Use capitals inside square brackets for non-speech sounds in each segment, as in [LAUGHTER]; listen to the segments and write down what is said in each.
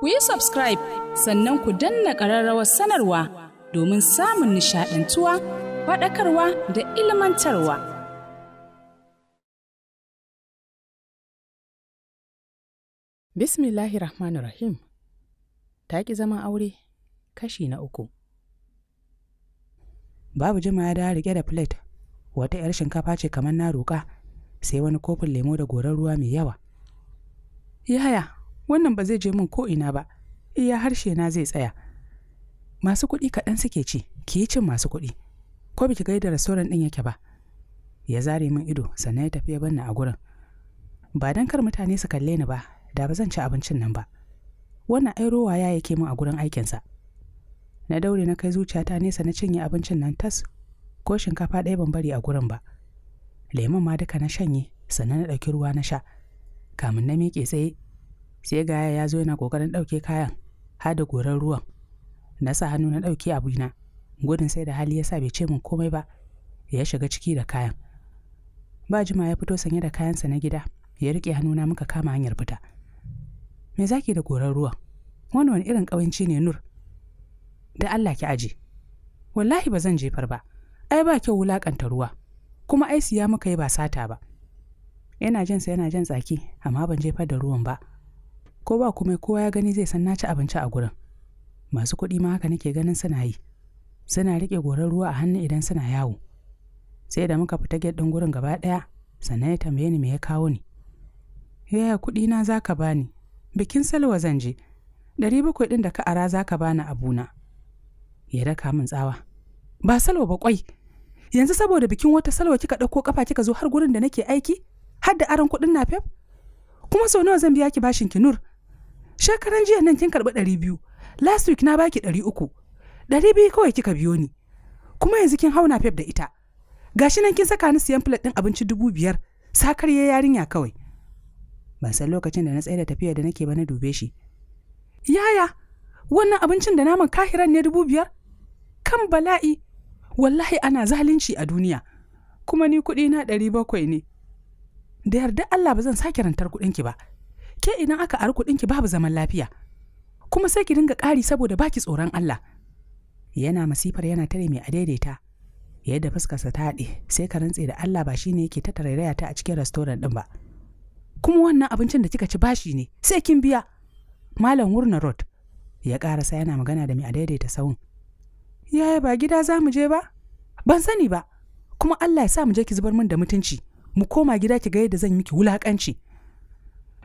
ku yi subscribe sannan ku danna ƙararrawar sanarwa domin samun nishaɗantuwa faɗakarwa da ilmantarwa. Bismillahi Rahmanu Rahim Ta ƙi zama aure kashi na uku. Babu jima ya dawo riƙe da plate, wata 'yar shinkafa ce kamar na roƙa, sai wani kofin lemo da goron ruwa mai yawa. Yaya, wannan ba zai je min ko ina ba iya harshe na zai tsaya masu kuɗi kaɗan suke ci ki yi cin masu kuɗi ko biki gaida restoran ɗin yake ba ya zare min ido sannan ya tafi ya banna a gurin ba dan kar mutane su kalle ni ba da ba zan ci abincin nan ba wannan ai rowa ya yake min a gurin aikinsa na daure na kai zuciya zuciyata nesa na cinye abincin nan tas ko shinkafa ɗaya ban bari a gurin ba lemon ma duka na shanye sannan na ɗauki ruwa na sha kamin na miƙe tsaye sai gaya ya zo yana kokarin ɗauke kayan har da goran ruwan na sa hannu na ɗauke abuna gudun sai da hali ya sa bai ce min komai ba ya shiga ciki da kayan ba jima ya fito sanye da kayansa na gida ya riƙe hannuna muka kama hanyar fita me zaki da goran ruwan wani wani irin ƙawanci ne nur da allah ki aje wallahi ba zan jefar ba ai ba kyau wulaƙanta ruwa kuma ai siya muka yi ba sata ba yana jinsa yana jin tsaki amma ban jefar da ruwan ba ko ba kuma kowa ya gani zai san na ci abinci a gurin masu kuɗi ma haka nake ganin suna yi suna riƙe goran ruwa a hannu idan suna yawo sai da muka fita gate ɗin gurin gaba ɗaya sannan ya tambaye ni me ya kawo ni yaya kuɗi na zaka ka bani bikin salwa zan je ɗari bakwai ɗin da ka ara za ka bani abuna ya daka min tsawa ba salwa ba kwai yanzu saboda bikin wata salwa kika ɗauko kafa kika zo har gurin da nake aiki har da aron kuɗin na fef kuma sau nawa zan biya ki bashin ki nur shekaran jiya nan kin karɓi ɗari biyu last week na baki ɗari uku ɗari biyu kawai kika biyo ni kuma yanzu kin hauna fef da ita gashi nan kin saka ni siyan plate ɗin abinci dubu biyar sakar ya yarinya kawai ban san lokacin da na tsaye da tafiya da nake ba na dube shi yaya wannan abincin da naman kahiran ne dubu biyar kan bala'i wallahi ana zalunci a duniya kuma ni kuɗi na ɗari bakwai ne da yarda Allah ba zan sake rantar ki ba ke idan aka ari ki babu zaman lafiya kuma sai ki dinga ƙari saboda baki tsoron Allah yana masifar yana tare mai adaidaita yadda fuskarsa ta haɗe sai ka rantse da Allah ba shine yake ta tarairaya ta a cikin restaurant ɗin ba kuma wannan abincin da kika ci bashi ne sai kin biya malam wurna road ya ƙarasa yana magana da mai adaidaita sawun yaya ba gida za mu je ba ban sani ba kuma Allah ya sa mu je ki zubar min da mutunci mu koma gida ki ga yadda zan miki wulakanci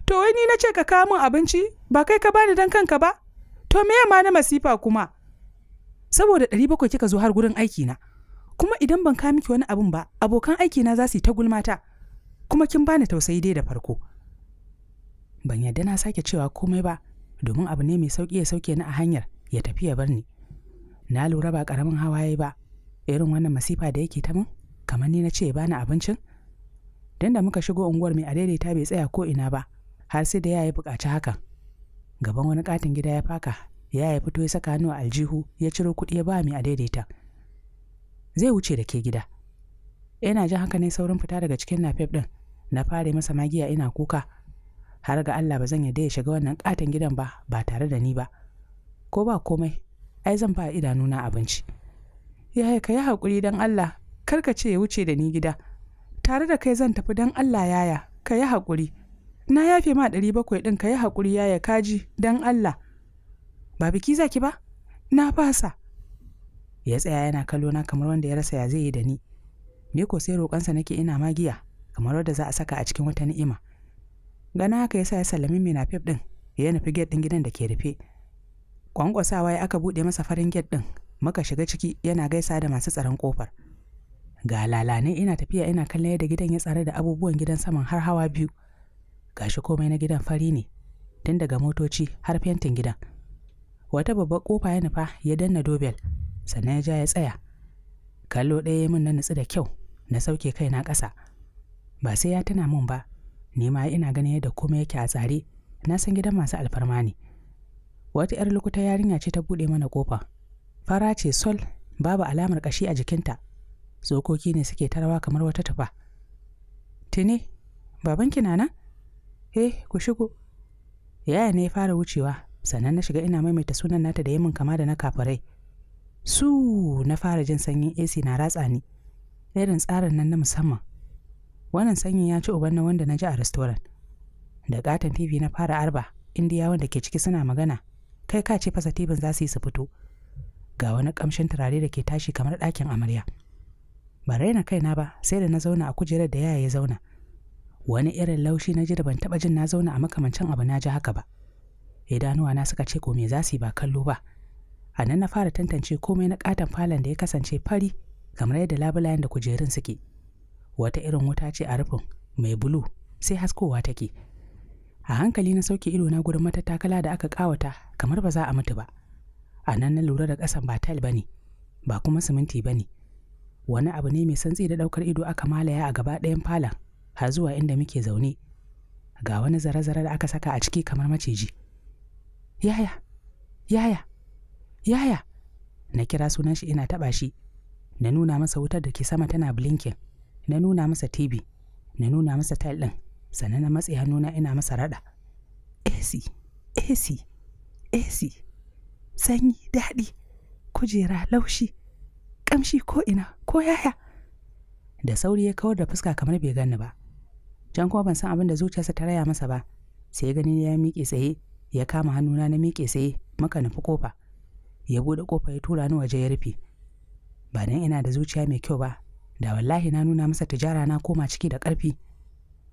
to wai ni na ce ka kawo min abinci ba kai ka bani dan kanka ba to me yamma na masifa kuma saboda ɗari bakwai kika zo har gurin aiki na kuma idan ban kawo miki wani abin ba abokan aiki na za su yi ta gulmata kuma kin bani tausayi dai da farko ban yarda na sake cewa komai ba domin abu ne mai sauki ya sauke ni a hanyar ya tafi ya bar ni na lura ba karamin hawaye ba irin wannan masifa da yake ta min kamar ni na ce ya bani abincin dan da muka shigo unguwar mai adaidaita bai tsaya ko ina ba har sai da ya yi buƙaci hakan gaban wani katin gida ya faka ya ya fito ya saka hannu a aljihu ya ciro kuɗi ya ba mai a daidaita zai wuce da ke gida ina jin haka ne saurin fita daga cikin nafef ɗin na fare masa magiya ina kuka har ga Allah ba zan yadda ya shiga wannan katin gidan ba ba tare da ni ba ko ba komai ai zan ba idanuna abinci yaya ka yi haƙuri don Allah kar ka ce ya wuce da ni gida tare da kai zan tafi don Allah yaya ka yi haƙuri na yafe ma ɗari bakwai ɗin ka yi haƙuri ya kaji don Allah ba biki zaki ba na fasa ya tsaya yana kallo na kamar wanda ya rasa ya zai yi da ni ni ko sai roƙonsa nake ina magiya kamar wadda za a saka a cikin wata ni'ima gana haka yasa ya sallami mina fef ɗin ya nufi get ɗin gidan da ke rufe kwankwasawa ya aka buɗe masa farin get ɗin muka shiga ciki yana gaisa da masu tsaron kofar ga lalane ina tafiya ina kallon yadda gidan ya tsare da abubuwan gidan saman har hawa biyu gashi komai na gidan fari ne tun daga motoci har fentin gidan wata babbar kofa ya nufa ya danna dobel sannan ya ja ya tsaya kallo ɗaya ya min na nutsu da kyau na sauke kai, na ƙasa ba sai ya tana min ba ni ma ina ganin yadda komai yake a tsare na san gidan masu alfarma ne wata 'yar lokuta yarinya ce ta buɗe mana kofa fara ce sol babu alamar ƙashi a jikinta tsokoki ne suke tarawa kamar wata tufa tuni babanki na nan Eh, ku shigo yaya ne ya fara wucewa sannan na shiga ina maimaita sunan nata da yamin kama da na kafirai su na fara jin sanyin ac na ratsa ni irin tsarin nan na musamman wannan sanyin ya ci uban na wanda na ji a restoran da katon tv na fara arba indiya wanda ke ciki suna magana kai ka ce fasa tibin za su yi su fito ga wani kamshin turare da ke tashi kamar ɗakin amarya ba raina kaina ba sai da na zauna a kujerar da yaya ya zauna wani irin laushi na ji da ban taɓa jin na zauna a makamancin abu na ji haka ba idanuwa na suka ce ko me za su yi ba kallo ba a nan na fara tantance komai na katon falon da ya kasance fari kamar yadda labulayen da kujerun suke wata irin wuta ce a rufin mai bulu sai haskowa take a hankali na sauke ido na gurin matattakala da aka kawata kamar ba za a mutu ba a nan na lura da ƙasan ba tal ba ne ba kuma siminti ba ne wani abu ne mai santsi da ɗaukar ido aka malaya a gaba ɗayan falon har zuwa inda muke zaune ga wani zare-zare da aka saka a ciki kamar maciji yaya yaya yaya na kira sunan shi ina taɓa shi na nuna masa wutar da ke sama tana blinkin na nuna masa tv na nuna masa tile ɗin sannan na matse hannuna ina masa raɗa ac ac ac sanyi daɗi kujera laushi ƙamshi ko ina ko yaya da sauri ya kawar da fuska kamar bai ganni ba Jan kuma ban san abin da zuciyarsa ta raya masa ba. Sai gani ya miƙe tsaye, ya kama hannuna na miƙe tsaye, maka nufi kofa. Ya buɗe kofa ya tura ni waje ya rufe. Ba dan ina da zuciya mai kyau ba, da wallahi na nuna masa tijara na koma ciki da ƙarfi.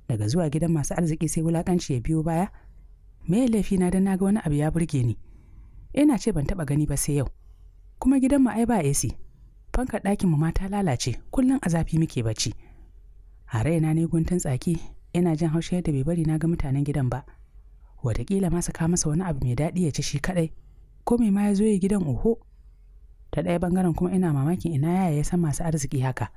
Daga zuwa gidan masu arziki sai wulaƙanci ya biyo baya. Me laifi na dan naga wani abu ya burge ni. Ina ce ban taɓa gani ba sai yau. Kuma gidan mu ai ba AC. Fankar ɗakin mu ma ta lalace, kullum a zafi muke bacci. a raina ne guntun tsaki ina jin haushi yadda bai bari na ga mutanen gidan ba wataƙila masa ka masa wani abu mai daɗi ya ci shi kaɗai ko mai ma ya zo ya gidan oho ta ɗaya bangaren kuma ina mamakin ina yaya ya san masu arziki haka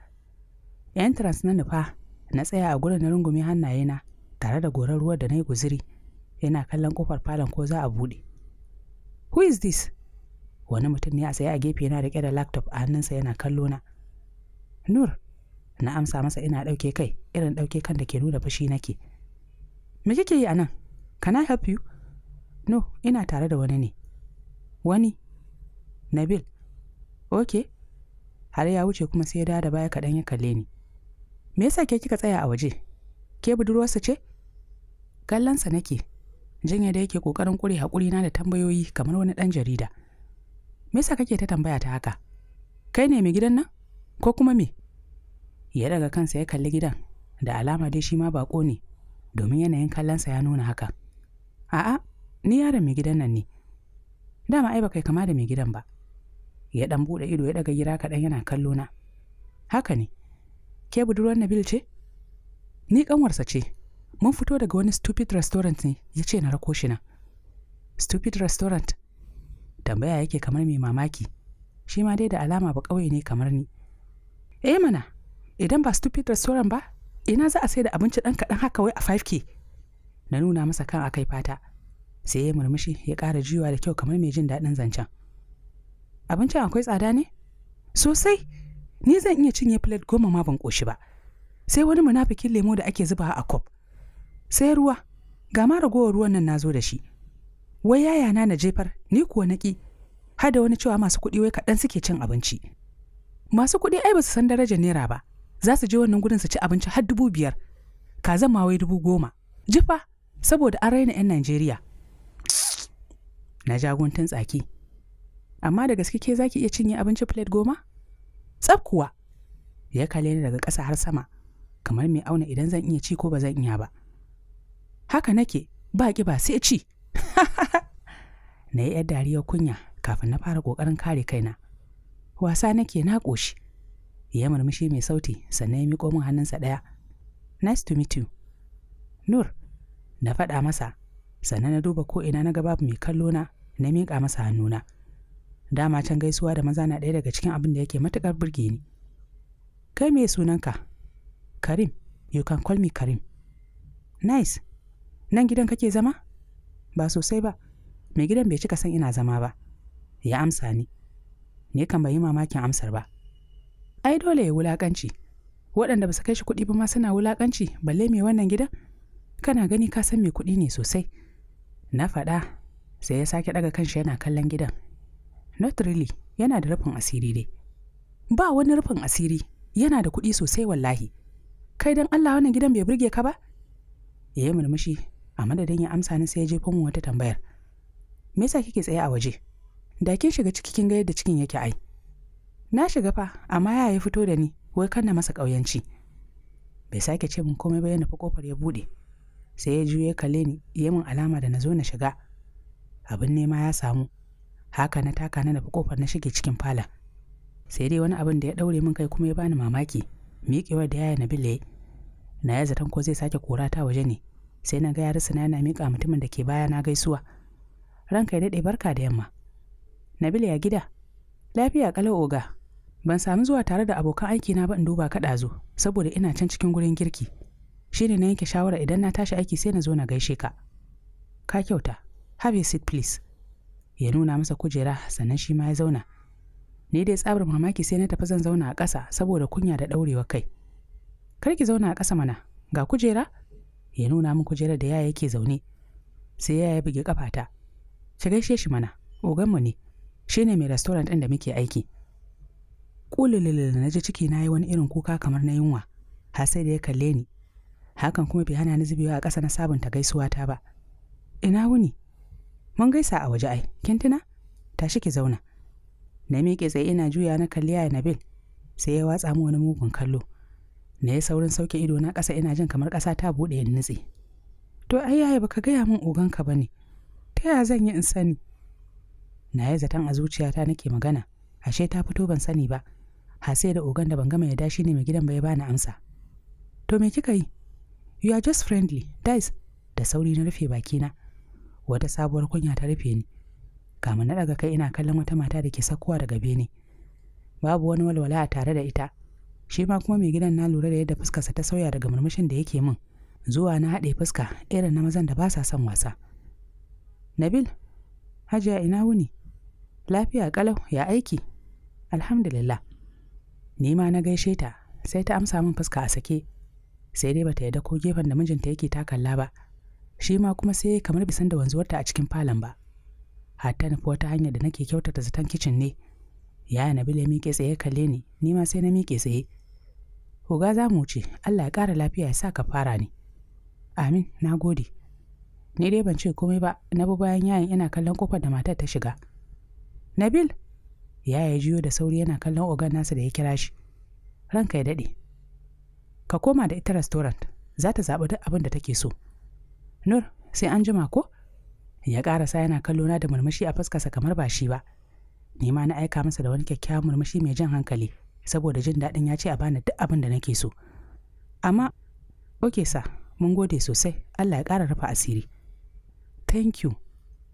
entrance na nufa na tsaya a gurin na rungume na, tare da gorar ruwa da na yi guziri yana kallon kofar falon ko za a buɗe who is this wani mutum ne a tsaye a gefe yana riƙe da laptop a hannunsa yana kallo na nur na amsa masa ina ɗauke kai irin ɗauke kan da ke nuna fushi nake me kike yi a nan can i help you no ina tare da wani ne wani nabil ok har ya wuce kuma sai ya dawo da baya kaɗan ya kalle ni me yasa ke kika tsaya a waje ke budurwarsa ce gallansa nake jin da yake kokarin kure hakuri na da tambayoyi kamar wani ɗan jarida me yasa kake ta tambaya ta haka kai ne mai gidan nan ko kuma me ya daga kansa ya kalli gidan da alama dai shi ma bako ne domin yanayin kallonsa ya nuna haka a'a ni yaron mai gidan nan ne dama ai baka kama da mai gidan ba ya dan bude ido ya daga gira kaɗan yana kallo na haka ne ke budurwar nabil ce ni kanwarsa ce mun fito daga wani stupid restaurant ne ya ce na rako shi na stupid restaurant tambaya yake kamar mai mamaki shi ma dai da alama ba ƙauye ne kamar ni eh mana idan ba stupid restaurant ba ina za a sai da abinci ɗan kaɗan haka wai a 5k na nuna masa kan a kai fata sai ya murmushi ya kara jiwa da kyau kamar mai jin daɗin zancen abincin akwai tsada ne sosai ni zan iya cinye plate goma ma ban ƙoshi ba sai wani munafikin lemo da ake zubawa a kwaf sai ruwa ga ma ragowar ruwan nan nazo da shi wai yaya na na jefar ni kuwa naki har da wani cewa masu kuɗi wai kaɗan suke cin abinci masu kuɗi ai ba su san darajar naira ba za su je wannan gudun su ci abinci har dubu biyar kazan ma wai dubu goma jifa saboda an raina 'yan najeriya na jaguntun tsaki amma da gaske ke za ki iya cinye abinci plate goma tsaf kuwa ya kale ni daga ƙasa har sama kamar mai auna idan zan iya ci ko ba zan iya ba haka nake ba ki ba sai ci [LAUGHS] na yi yar dariyar kunya kafin na fara ƙoƙarin kare kaina wasa nake na ƙoshi ya murmushi mai sauti sannan ya miƙo min hannunsa ɗaya nice to meet you nur na faɗa masa sannan na duba ko ina na ga babu mai kallo na na miƙa masa hannuna dama can gaisuwa da maza na ɗaya daga cikin abin da yake matuƙar burge ni kai me sunanka karim you can call me karim nice nan gidan kake zama ba sosai ba mai gidan bai cika san ina zama ba ya amsa ni ne kan bai yi mamakin amsar ba ai dole ya wulakanci waɗanda ba su kai shi kuɗi ba ma suna wulakanci balle mai wannan gidan kana gani ka san mai kuɗi ne sosai na faɗa sai ya sake ɗaga kanshi yana kallon gidan not really yana da rufin asiri dai ba wani rufin asiri yana da kuɗi sosai wallahi kai dan Allah wannan gidan bai burge ka ba yayi murmushi a madadin ya amsa ni sai ya jefo mu wata tambayar me yasa kike tsaye a waje da kin shiga ciki kin ga yadda cikin yake ai na shiga fa amma ya ya fito da ni wai kan na masa ƙauyanci bai sake ce min komai ba yana fa kofar ya bude. sai ya juye kalle ni ya min alama da na zo na shiga abin nema ya samu haka na taka na nufi kofar na shige cikin fala sai dai wani abin da ya daure min kai kuma ya bani mamaki miƙewar da yaya na bile na ya zaton ko zai sake kora ta waje ne sai na ga ya na yana miƙa mutumin da ke baya na gaisuwa ranka ya daɗe barka da yamma nabila ya gida lafiya ƙalau oga ban sami zuwa tare da abokan aikina ba in duba ka saboda ina can cikin gurin girki shine na yanke shawara idan na tashi aiki sai na zo na gaishe ka ka kyauta have a seat please ya nuna masa kujera sannan shi ma ya zauna ni dai tsabar mamaki sai na tafi zan zauna a ƙasa saboda kunya da ɗaurewa kai kar ki zauna a ƙasa mana ga kujera ya nuna min kujerar da yaya yake zaune sai yaya ya buge kafata ki gaishe shi mana oganmu ne shine mai restaurant ɗin da muke aiki kulililil na ji ciki na yi wani irin kuka kamar na yunwa har sai da ya kalle ni hakan kuma bai hana ni zubewa a ƙasa na sabunta gaisuwa ta ba ina wuni mun gaisa a waje ai kin tuna tashi ki zauna na miƙe tsaye ina juya na kalli yaya nabil sai ya watsa mu wani mugun kallo na yi saurin sauke ido na ƙasa ina jin kamar ƙasa ta buɗe yin nutse to ai yaya baka gaya min oganka ba ne ta yaya zan yi in sani na yi zaton a zuciyata nake magana ashe ta fito ban sani ba hasai da ogan da ban gama ya dashi ne mai gidan bai bani amsa to me kika yi you are just friendly dice da sauri na rufe bakina wata sabuwar kunya ta rufe ni kama na daga kai ina kallon wata mata da ke sakkowa daga bene babu wani walwala a tare da ita shi ma kuma mai gidan na lura da yadda fuskarsa ta sauya daga murmushin da yake min zuwa na haɗe fuska irin na mazan da ba sa son wasa nabil hajiya ina wuni lafiya kalau ya aiki alhamdulillah ni ma na gaishe ta sai ta amsa min fuska a sake sai dai bata yarda ko gefen da mijinta yake kalla ba shi ma kuma sai ya kamar bisan da wanzuwarta a cikin falon ba ta nufi wata hanyar da nake kyautata zaton kicin ne yaya na ya miƙe tsaye kalle ni ni ma sai na miƙe tsaye Uga, za mu wuce, Allah ya ƙara lafiya ya sa ka fara ni. Amin, na gode. Ni dai ban ce komai ba, na bi bayan yayin ina kallon kofar da matar ta shiga. Nabil, ya ya jiyo da sauri yana kallon ogan nasa da ya kira shi ranka ya daɗe ka koma da ita restaurant za ta zaɓi duk abin da take so nur sai an jima ko ya ƙarasa yana kallona da murmushi a fuskarsa kamar ba shi ba ni ma na aika masa da wani kyakkyawan murmushi mai jan hankali saboda jin daɗin ya ce a bani duk abin da nake so amma oke sa mun gode sosai allah ya ƙara rufe asiri thank you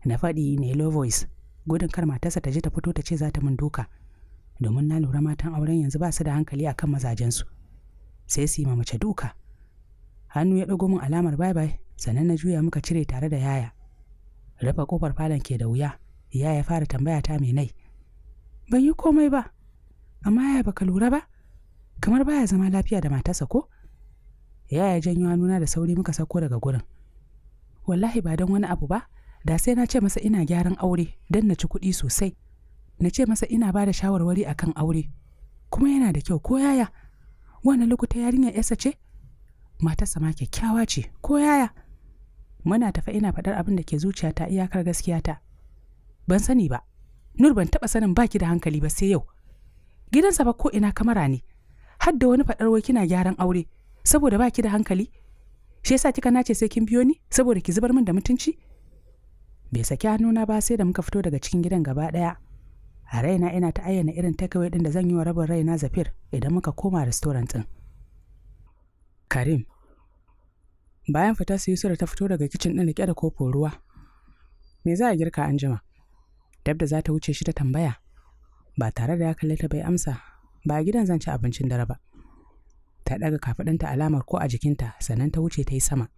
na faɗi ne low voice gudun kar matarsa ta ji ta fito ta ce za ta min duka domin na lura matan auren yanzu ba su da hankali akan mazajensu sai su yi ma mace duka hannu ya ɗago min alamar bye bye sannan na juya muka cire tare da yaya rufe kofar falon ke da wuya yaya ya fara tambaya ta mai nai ban yi komai ba amma yaya baka lura ba kamar baya zama lafiya da matarsa ko yaya janyo hannuna da sauri muka sauko daga gurin wallahi ba don wani abu ba da sai na ce masa ina gyaran aure don na ci kuɗi sosai na ce masa ina ba da shawarwari kan aure kuma yana da kyau ko yaya wani lokuta yarinya yasa ce matarsa ma kyakkyawa ce ko yaya muna tafa ina faɗar abin da ke zuciyata iyakar gaskiya ta. ban sani ba nur ban taɓa sanin baki da hankali ba sai yau gidansa ba ko ina kamara ne har da wani faɗar wai kina gyaran aure saboda baki da hankali shi yasa kika nace sai kin biyo ni saboda ki zubar min da mutunci bai saki hannuna ba sai da muka fito daga cikin gidan gaba ɗaya a raina ina ta ayyana irin takeaway ɗin da zan yi wa rabin raina zafir idan muka koma restaurant ɗin karim bayan fita su yusura ta fito daga kicin ɗin rike da kofin ruwa me za a girka anjima? jima dab za ta wuce shi ta tambaya ba tare da ya kalle ta bai amsa ba a gidan zan ci abincin dare ba ta ɗaga kafaɗinta alamar ko a jikinta sannan ta wuce ta yi sama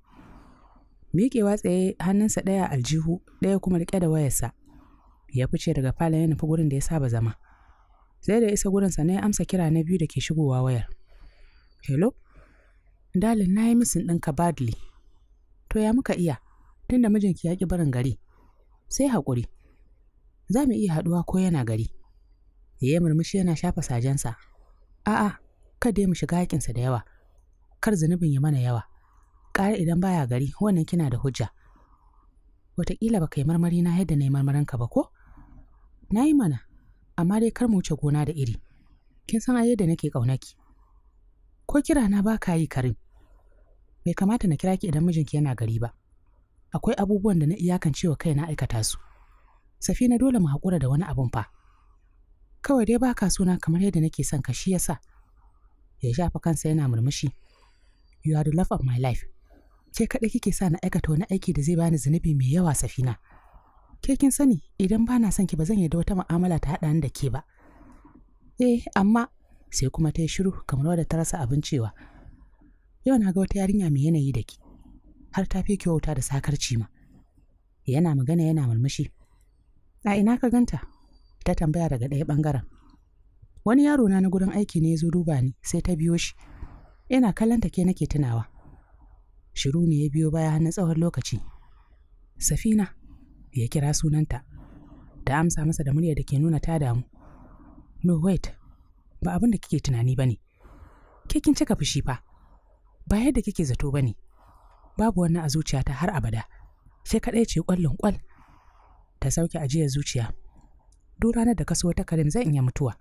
miƙewa tsaye hannunsa ɗaya aljihu ɗaya kuma riƙe da wayarsa ya fice daga falon ya nufi gurin da ya saba zama sai da isa gurinsa na ya amsa kira na biyu da ke shigowa wayar hello dalin na yi misin ɗinka badly to ya muka iya tunda mijinki ya ƙi barin gari sai haƙuri za mu iya haɗuwa ko yana gari ya murmushi yana shafa sajensa a'a kada mu shiga haƙinsa da yawa kar zunubin ya mana yawa ƙara idan baya gari wannan kina da hujja wataƙila ba yi marmari na yadda na yi marmarin ba ko na yi mana amma dai kar mu wuce gona da iri kin san ai yadda nake ƙaunaki ko kira na ba ka yi karim bai kamata na kira ki idan mijinki yana gari ba akwai abubuwan da na iyakance wa kai na aikata su safina dole mu haƙura da wani abun fa kawai dai baka suna kamar yadda nake son ka shi yasa ya shafa kansa yana murmushi you are the love of my life ke kaɗai kike sa na aikata wani aiki da zai bani zunubi mai yawa safina ke kin sani idan ba na son ki ba zan yi da wata mu'amala ta haɗa da ke ba eh amma sai kuma ta yi shiru kamar wadda ta rasa abin cewa yau na ga wata yarinya mai yanayi da ki har ta fi kyauta da sakarci ma yana magana yana murmushi a ina ka ganta ta tambaya daga ɗaya ɓangaren wani yaro na na gurin aiki ne ya zo duba ni sai ta biyo shi Ina kallon ta ke nake tunawa shiru ne ya biyo baya na tsawon lokaci safina ya kira sunanta ta amsa masa da murya da ke nuna ta damu no wait ba abin da kike tunani ba ne ke kin cika fushi fa ba yadda kike zato ba ne babu wannan a zuciyata har abada sai kaɗai ce ƙwallon ƙwal ta sauke ajiyar zuciya duk ranar da ka so ta karim zan iya mutuwa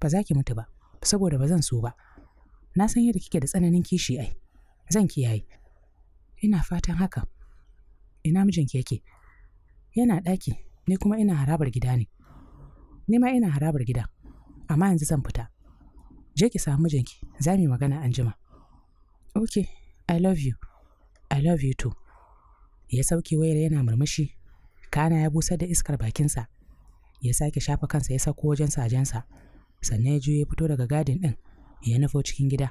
ba za ki mutu ba saboda ba zan so ba na san yadda kike da tsananin kishi ai zan kiyaye ina fatan haka ina mijinki yake yana ɗaki ni kuma ina harabar gida ne ni ma ina harabar gida amma yanzu zan fita je ki samu mijinki za mu yi magana an jima ok i love you i love you too ya sauke wayar yana murmushi kana ya busar da iskar bakinsa ya sake shafa kansa ya sako wajen sajensa sannan ya juye fito daga gadin ɗin ya nufo cikin gida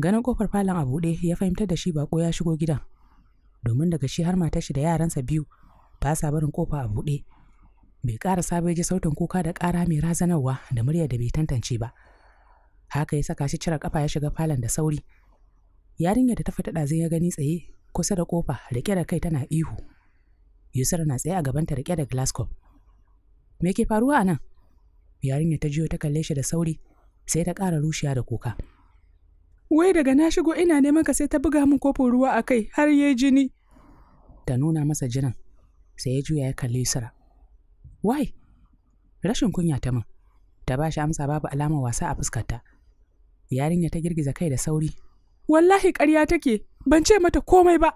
ganin kofar falon a buɗe ya fahimtar da shi bako ya shigo gidan domin daga shi har matar shi da yaransa biyu ba sa barin kofa a buɗe bai ƙara sabai ji sautin kuka da ƙara mai razanarwa da murya da bai tantance ba haka ya saka shi cire kafa ya shiga falon da sauri yarinyar da ta fita ɗazin ya gani tsaye kusa da kofa riƙe da kai tana ihu yusra na tsaye a gabanta riƙe da glasgow me ke faruwa a nan yarinyar ta jiyo ta kalle shi da sauri sai ta ƙara rushiya da kuka wai daga na shigo ina neman ka sai ta buga min kofin ruwa a kai har ya jini ta nuna masa jinin sai ya juya ya kalli sara wai rashin kunya ta min ta ba shi amsa babu alamar wasa a fuskarta yarinya ta girgiza kai da sauri wallahi ƙarya take ban ce mata komai ba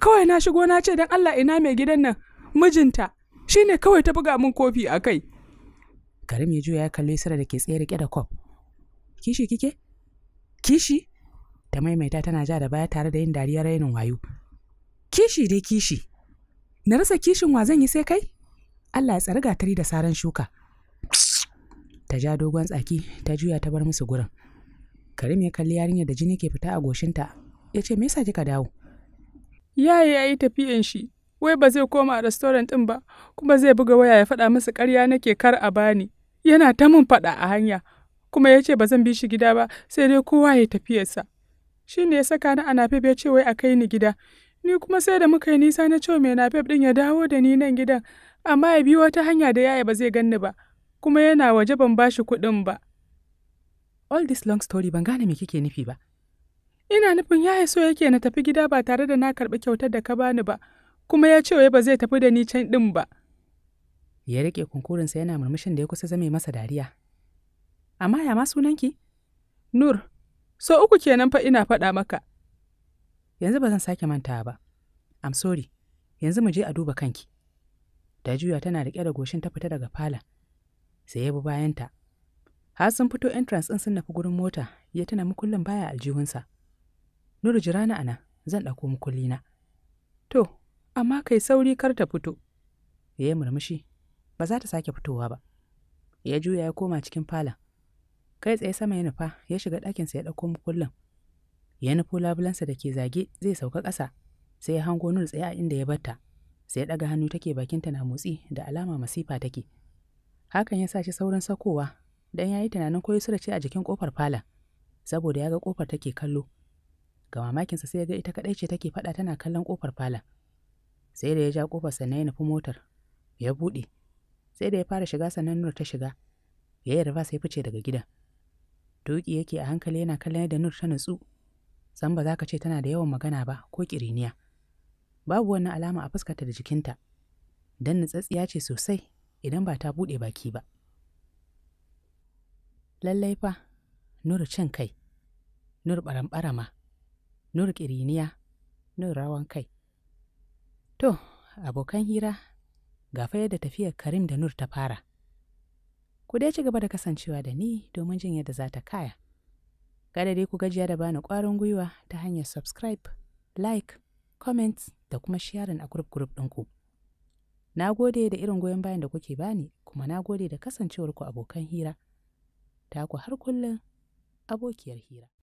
kawai na shigo na ce don allah ina mai gidan nan mijinta shine kawai ta buga min kofi a kai karim ya juya ya kalli sira da ke tsaye rike da kwaf kishi kike kishi ta maimaita tana ja da baya tare da yin dariya rainin wayo kishi dai kishi na rasa kishin wa zan yi sai kai allah ya tsari gatari da saran shuka ta ja dogon tsaki ta juya ta bar musu gurin karim ya kalli yarinyar da jini ke fita a goshinta ya ce me yasa kika dawo yaya ya yi tafiyan shi wai ba zai koma restaurant din ba kuma zai buga waya ya faɗa masa ƙarya nake kar a bani yana ta mun faɗa a hanya kuma ya ce ba zan bi shi gida ba sai dai kowa ya tafiyarsa shi ne ya saka ni a nafef ya ce wai a kai ni gida ni kuma sai da muka yi nisa na cewa mai nafef ɗin ya dawo da ni nan gidan amma ya bi wata hanya da yaya ba zai ganni ba kuma yana waje ban ba shi kuɗin ba. All this long story ban gane me kike nufi ba. Ina nufin yaya so yake na tafi gida ba tare da na karɓi kyautar da ka bani ba kuma ya ce wai ba zai tafi da ni can din ba. Ya riƙe kunkurinsa yana murmushin da ya kusa zame masa dariya. amma ya ma sunanki? Nur, so uku kenan fa ina faɗa maka. Yanzu ba zan sake manta ba. I'm sorry, yanzu mu je a duba kanki. Da juya tana riƙe da goshin ta fita daga fala. Sai ya bi bayanta. Har sun fito entrance ɗin sun nafi gurin mota, ya tuna mukullin baya aljihunsa. nur jira na ana, zan ɗauko na. To, amma kai sauri kar ta fito. Ya yi murmushi, ba za ta sake fitowa ba. Ya juya ya koma cikin falon. kai tsaye sama ya nufa ya shiga ɗakinsa ya ɗauko mukullin ya nufo labulansa da ke zage zai sauka ƙasa sai ya hango nur tsaye a inda ya batta sai ya ɗaga hannu take bakinta na motsi da alama masifa take hakan ya sa shi saurin sakowa dan ya yi tunanin koyi da ce a jikin ƙofar fala saboda ya ga ƙofar take kallo ga mamakinsa sai ya ga ita kaɗai ce take faɗa tana kallon ƙofar fala sai da ya ja ƙofar sannan ya nufi motar ya buɗe sai da ya fara shiga sannan nur ta shiga ya yi sai fice daga gidan Doki yake a hankali yana kallon yadda Nur ta nutsu. San ba za ka ce tana da yawan magana ba ko ƙiriniya. Babu wannan alama a fuskarta da jikinta. Dan nutsatsiya ce sosai idan ba ta buɗe baki ba. Lallai fa, Nur cin kai, Nur ɓaramɓarama, Nur ƙiriniya, Nur rawan kai. To, abokan hira, ga fa yadda tafiyar Karim da Nur ta fara. Ku dai ci gaba da kasancewa da ni domin jin yadda za ta kaya. Kada dai ku gajiya da bani ƙwarin gwiwa ta hanyar subscribe, like, comment da kuma sharing a group group ɗinku. Na gode da irin goyon bayan da kuke bani kuma na gode da kasancewarku abokan hira. Ta ku har kullum abokiyar hira.